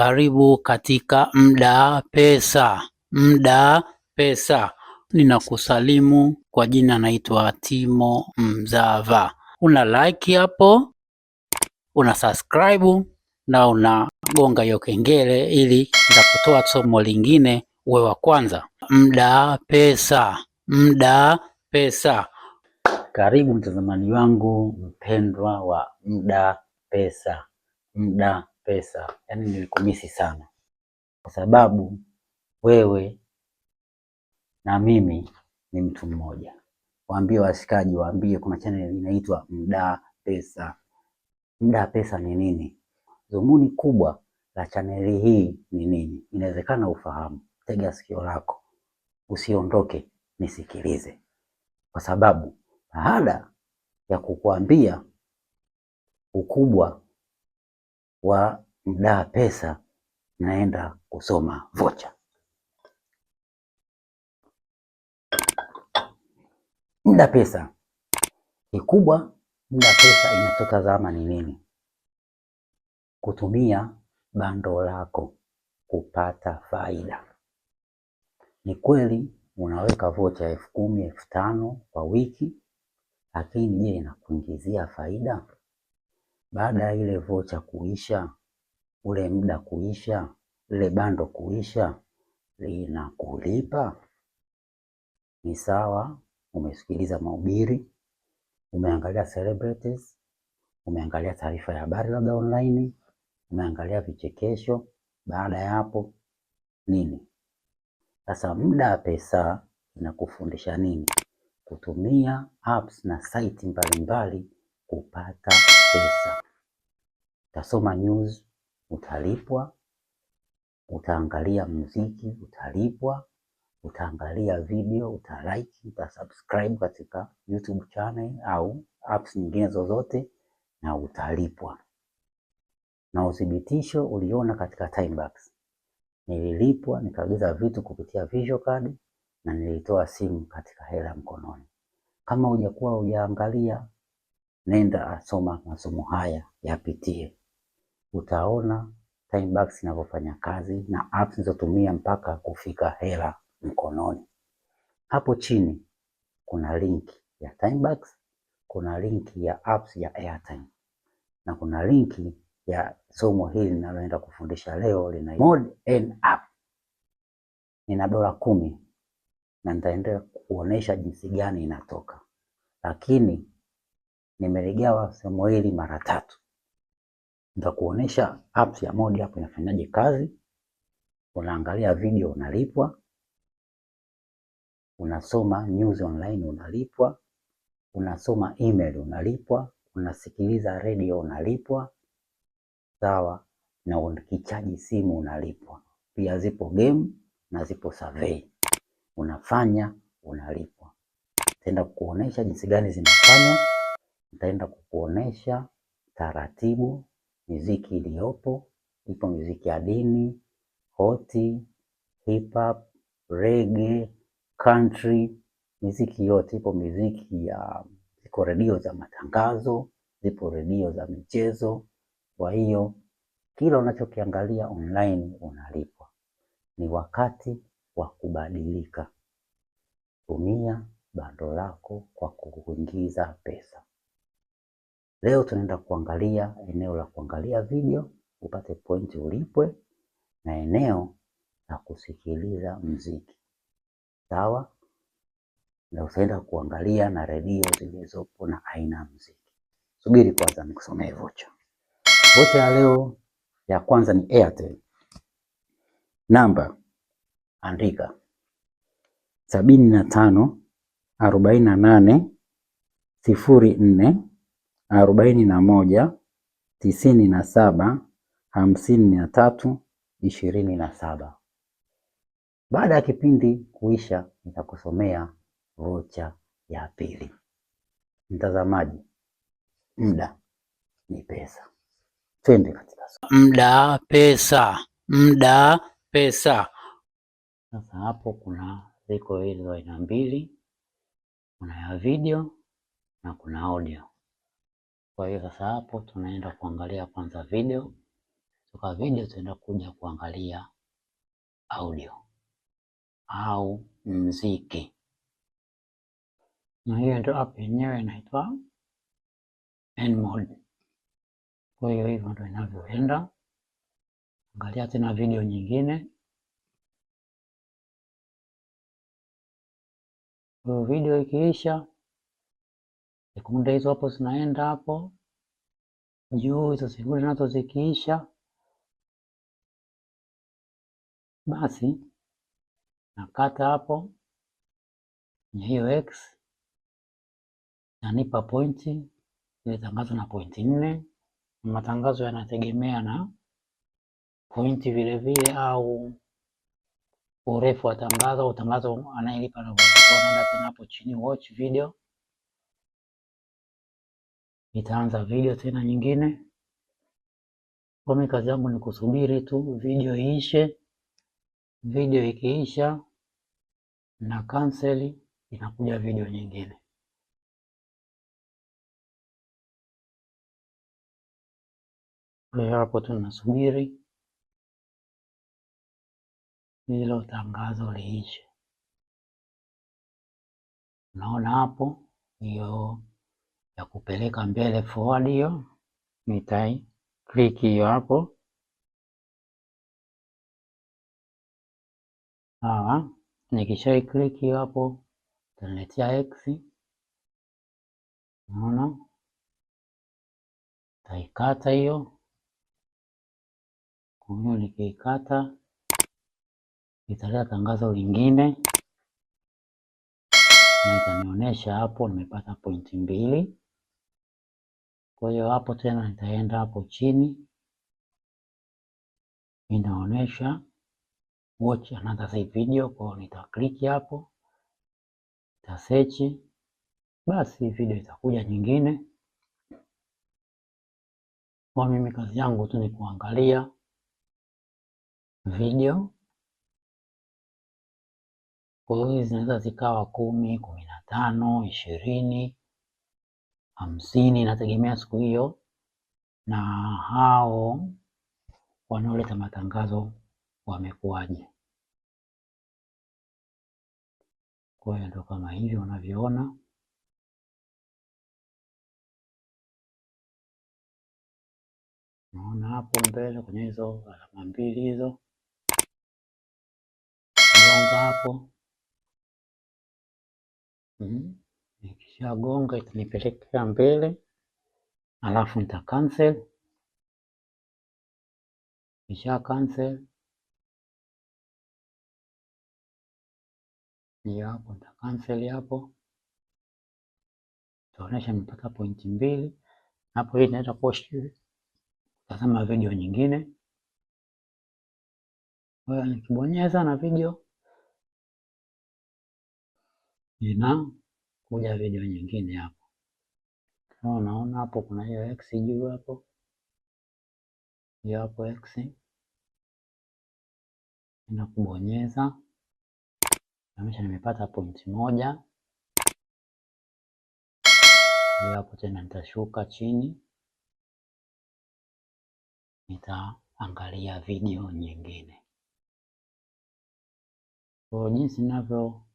Karibu katika mda pesa, mda pesa. Ninakusalimu kwa jina, naitwa Timo Mzava. Una like hapo, una subscribe na unagonga hiyo kengele, ili nitakutoa somo lingine uwe wa kwanza. Mda pesa, mda pesa. Karibu mtazamaji wangu mpendwa wa mda pesa, mda pesa, yani nilikumisi sana, kwa sababu wewe na mimi ni mtu mmoja. Waambie washikaji, waambie kuna channel inaitwa Mdaa Pesa. Mdaa Pesa ni nini? Dhumuni kubwa la chaneli hii ni nini? Inawezekana ufahamu. Tega sikio lako, usiondoke, nisikilize, kwa sababu baada ya kukuambia ukubwa wa mdaa pesa naenda kusoma vocha. Mda pesa kikubwa, mda pesa inatoka zama ni nini? Kutumia bando lako kupata faida. Ni kweli unaweka vocha elfu kumi elfu tano kwa wiki, lakini je, inakuingizia faida? Baada ya ile vocha kuisha, ule muda kuisha, ile bando kuisha, linakulipa ni sawa. Umesikiliza mahubiri, umeangalia celebrities, umeangalia taarifa ya habari labda online, umeangalia vichekesho. Baada ya hapo nini sasa? Muda wa pesa inakufundisha nini? Kutumia apps na site mbalimbali kupata pesa utasoma news utalipwa, utaangalia muziki utalipwa, utaangalia video utalike, utasubscribe katika YouTube channel au apps nyingine zozote na utalipwa. Na uthibitisho uliona katika Timebucks, nililipwa nikaagiza vitu kupitia visual card na nilitoa simu katika hela mkononi. Kama hujakuwa hujaangalia, nenda asoma masomo haya yapitie utaona Timebucks inavyofanya kazi na apps nizotumia mpaka kufika hela mkononi. Hapo chini kuna link ya Timebucks, kuna link ya apps ya Airtime na kuna linki ya somo hili linaloenda kufundisha leo lina mod and App. Nina dola kumi na nitaendelea kuonesha jinsi gani inatoka, lakini nimeligawa somo hili mara tatu nitakuonesha apps ya modi hapo inafanyaje kazi. Unaangalia video unalipwa, unasoma news online unalipwa, unasoma email unalipwa, unasikiliza redio unalipwa, sawa na ukichaji simu unalipwa pia. Zipo game na zipo survey, unafanya unalipwa. Nitaenda kukuonesha jinsi gani zinafanywa, nitaenda kukuonesha taratibu miziki iliyopo, ipo miziki ya dini, hoti, hip hop, reggae, country, miziki yote ipo. Miziki ya ziko redio za matangazo, zipo redio za michezo. Kwa hiyo kila unachokiangalia online unalipwa. Ni wakati wa kubadilika. Tumia bando lako kwa kuingiza pesa. Leo tunaenda kuangalia eneo la kuangalia video upate pointi ulipwe, na eneo la kusikiliza mziki sawa, na utaenda kuangalia na redio zilizopo na aina ya mziki. Subiri kwanza nikusomee vocha. Vocha ya leo ya kwanza ni Airtel, namba andika sabini na tano arobaini na nane sifuri nne arobaini na moja tisini na saba hamsini na tatu ishirini na saba. Baada ya kipindi kuisha, nitakusomea vocha ya pili. Mtazamaji, muda ni pesa. Twende katika muda pesa, muda pesa. Sasa hapo kuna ziko hizo aina mbili, kuna ya video na kuna audio. Kwa hiyo sasa hapo tunaenda kuangalia kwanza video, kutoka video tunaenda kuja kuangalia audio au mziki, na hiyo ndio app yenyewe inaitwa Nmode. Kwa hiyo hivyo ndio inavyoenda. Angalia tena video nyingine. Video ikiisha sekunde hizo hapo zinaenda hapo juu, hizo sekunde nazo zikiisha, basi nakata hapo kwenye hiyo x, nanipa pointi ile tangazo na pointi nne. Matangazo yanategemea na pointi vilevile, au urefu wa tangazo au tangazo anayelipa anaenda tena hapo chini watch video nitaanza video tena nyingine. Mimi kazi yangu ni kusubiri tu video iishe. Video ikiisha na kanseli, inakuja video nyingine. Kwa hapo tunasubiri hilo tangazo liishe. Unaona hapo hiyo ya kupeleka mbele forward, hiyo nitai click hiyo hapo. Sawa, nikishai click hiyo hapo taniletea x, naona taikata hiyo. Kwa nikiikata italeta tangazo lingine na itanionyesha hapo nimepata pointi mbili. Kwa hiyo hapo tena nitaenda hapo chini, inaonyesha watch another save video, kwa hiyo nitakliki hapo, nitasechi, basi video itakuja nyingine. Kwa mimi kazi yangu tu ni kuangalia video, kwa hiyo zinaweza zikawa kumi, kumi na tano, ishirini hamsini, inategemea siku hiyo, na hao wanaoleta matangazo wamekuwaje. Kwa hiyo ndio kama hivyo unavyoona. Naona hapo mbele kwenye hizo alama mbili hizo gonga hapo mm -hmm. Ikishagonga itanipelekea mbele, alafu nita cancel. Nisha cancel hiyo hapo, nita cancel hapo, itaonyesha nimepata pointi mbili. Hapo hii inaweza kuwa tazama video nyingine, nikibonyeza na video ina kuja video nyingine hapo. Kama unaona hapo kuna hiyo x juu hapo, hiyo hapo x na kubonyeza, naonyesha nimepata pointi moja. Hiyo hapo tena nitashuka chini, nitaangalia video nyingine kwa jinsi ninavyo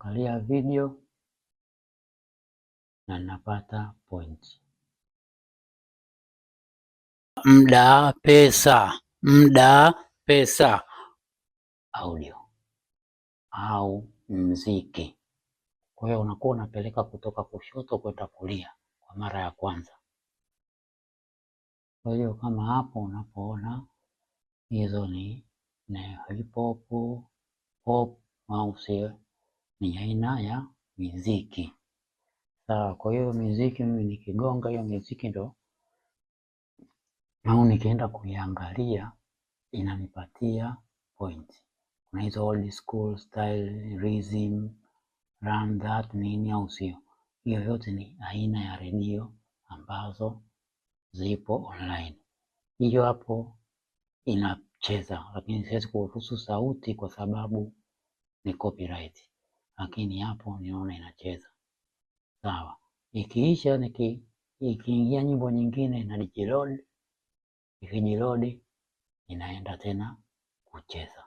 kalia video na napata point Mda pesa, mda pesa, audio au mziki. Kwa hiyo unakuwa unapeleka kutoka kushoto kwenda kulia kwa mara ya kwanza. Kwa hiyo kama hapo unapoona hizo ni na hip hop pop, au sio ni aina ya miziki sawa. Kwa hiyo miziki mimi nikigonga hiyo miziki ndo au nikienda kuiangalia inanipatia point. Kuna hizo old school style, rhythm, run that nini, au sio? Hiyo yote ni aina ya redio ambazo zipo online. Hiyo hapo inacheza, lakini siwezi kuruhusu sauti kwa sababu ni copyright lakini hapo niona inacheza sawa. Ikiisha niki ikiingia nyimbo nyingine na dijiload, ikijiload inaenda tena kucheza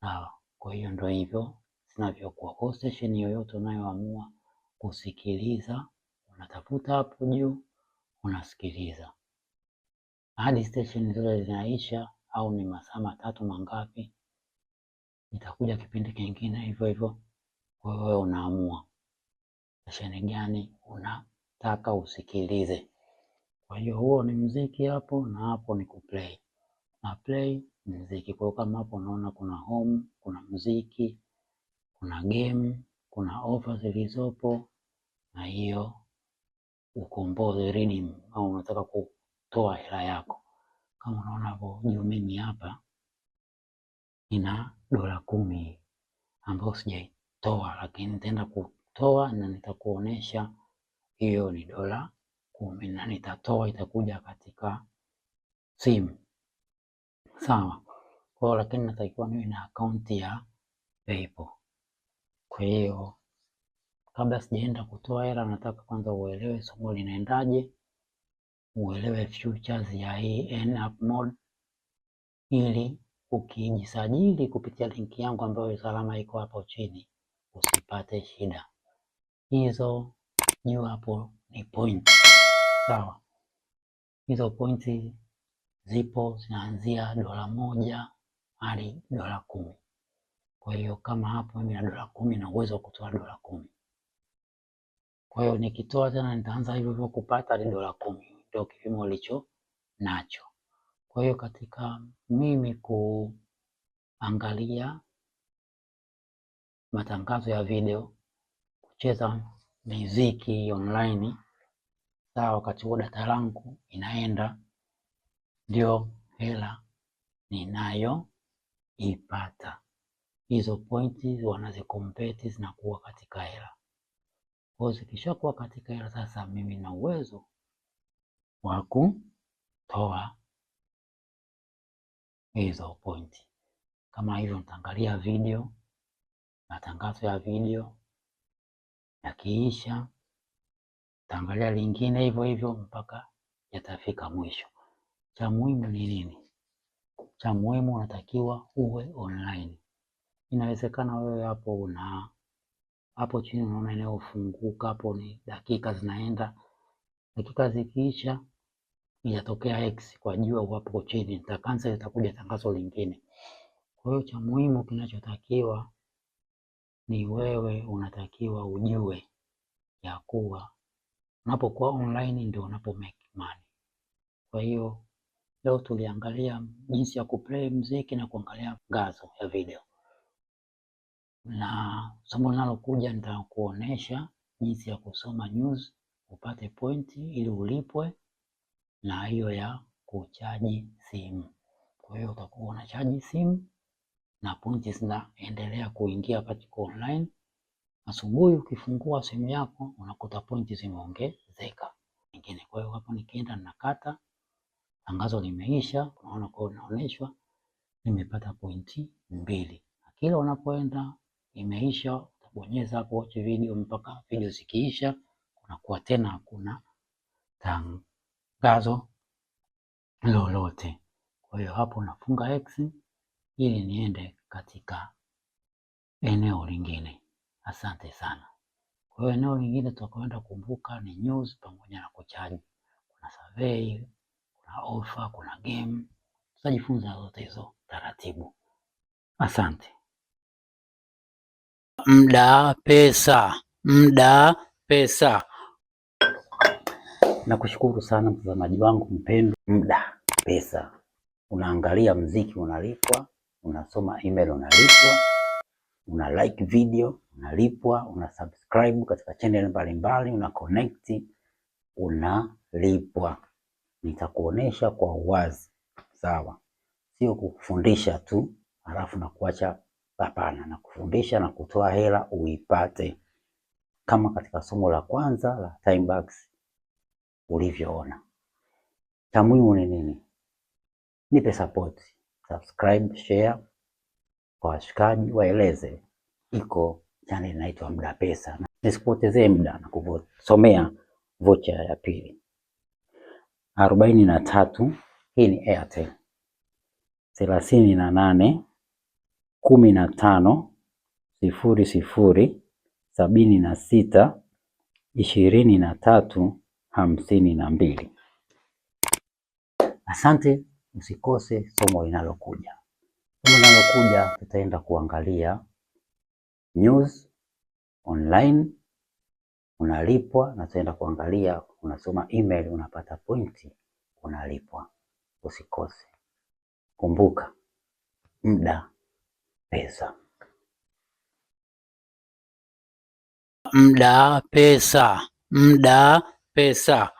sawa. Kwa hiyo ndio hivyo zinavyokuwa. Kwa station yoyote unayoamua kusikiliza, unatafuta hapo juu unasikiliza hadi station zote zinaisha, au ni masaa matatu mangapi, itakuja kipindi kingine hivyo hivyo wewe unaamua sesheni gani unataka usikilize. Kwa hiyo huo ni mziki hapo, na hapo ni kuplay na play mziki. Kwa hiyo kama hapo unaona kuna home, kuna mziki, kuna game, kuna ofa zilizopo, na hiyo ukomboze redeem, au unataka kutoa hela yako. Kama unaona hapo juu, mimi hapa ina dola kumi ambayo sijai toa, lakini nitaenda kutoa na nitakuonesha hiyo ni dola kumi na nitatoa, itakuja katika simu sawa. Kwa lakini natakiwa niwe na akaunti ya PayPal. Kwa hiyo kabla sijaenda kutoa hela, nataka kwanza uelewe somo linaendaje, uelewe futures ya hii N App Mode, ili ukijisajili kupitia linki yangu ambayo salama iko hapo chini usipate shida. Hizo juu hapo ni point, sawa? Hizo pointi zipo zinaanzia dola moja hadi dola kumi. Kwa hiyo kama hapo mimi na dola kumi na uwezo wa kutoa dola kumi. Kwa hiyo nikitoa tena nitaanza hivyo hivyo kupata hadi dola kumi, ndio kipimo ulicho nacho. Kwa hiyo katika mimi kuangalia matangazo ya video, kucheza miziki online. Sawa, wakati huo data langu inaenda, ndio hela ninayoipata. Hizo pointi wanazikompeti zinakuwa katika hela. Kwa hiyo zikishakuwa katika hela, sasa mimi na uwezo wa kutoa hizo pointi. Kama hivyo nitaangalia video matangazo ya video, yakiisha taangalia lingine hivyo hivyo mpaka yatafika mwisho. Cha muhimu ni nini? Cha muhimu unatakiwa uwe online. Inawezekana wewe hapo una hapo chini unaona inayofunguka hapo, ni dakika zinaenda, dakika zikiisha inatokea X kwa jua hapo chini nitakansa, itakuja tangazo lingine. Kwa hiyo cha muhimu kinachotakiwa ni wewe unatakiwa ujue ya kuwa unapokuwa online ndio unapo make money. Kwa hiyo leo tuliangalia jinsi ya kuplay mziki na kuangalia ngazo ya video, na somo linalokuja nitakuonesha jinsi ya kusoma news upate pointi ili ulipwe, na hiyo ya kuchaji simu. Kwa hiyo utakuwa unachaji simu na pointi zinaendelea kuingia katika Jiko Online. Asubuhi ukifungua simu yako unakuta pointi zimeongezeka nyingine. Kwa hiyo hapo nikienda nakata, tangazo limeisha, unaona kwa unaonyeshwa nimepata pointi mbili, kila unapoenda imeisha, utabonyeza hapo watch video mpaka video zikiisha, unakuwa tena hakuna tangazo lolote. Kwa hiyo hapo unafunga X ili niende katika eneo lingine. Asante sana. Kwa hiyo eneo lingine tutakwenda kumbuka ni news pamoja na kuchaji. Kuna survey, kuna ofa, kuna game. Tutajifunza zote hizo taratibu. Asante. Mda pesa, mda pesa. Nakushukuru sana mtazamaji wangu mpendwa. Mda pesa, unaangalia mziki unalipwa unasoma email unalipwa, una like video unalipwa, una subscribe katika channel mbalimbali, una connect unalipwa. Nitakuonesha kwa uwazi, sawa? Sio kukufundisha tu halafu na kuacha, hapana. Na kufundisha na kutoa hela uipate, kama katika somo la kwanza la time bucks ulivyoona. Takwimu ni nini? Nipe sapoti subscribe, share kwa washikaji, waeleze iko channel inaitwa Mda Pesa. Nisikupotezee muda na kusomea vocha ya pili arobaini na tatu. Hii ni Airtel thelathini na nane kumi na tano sifuri sifuri sabini na sita ishirini na tatu hamsini na mbili. Asante. Usikose somo linalokuja. Somo linalokuja tutaenda kuangalia news online, unalipwa na tutaenda kuangalia unasoma email, unapata pointi, unalipwa. Usikose. Kumbuka, muda pesa, muda pesa, muda pesa.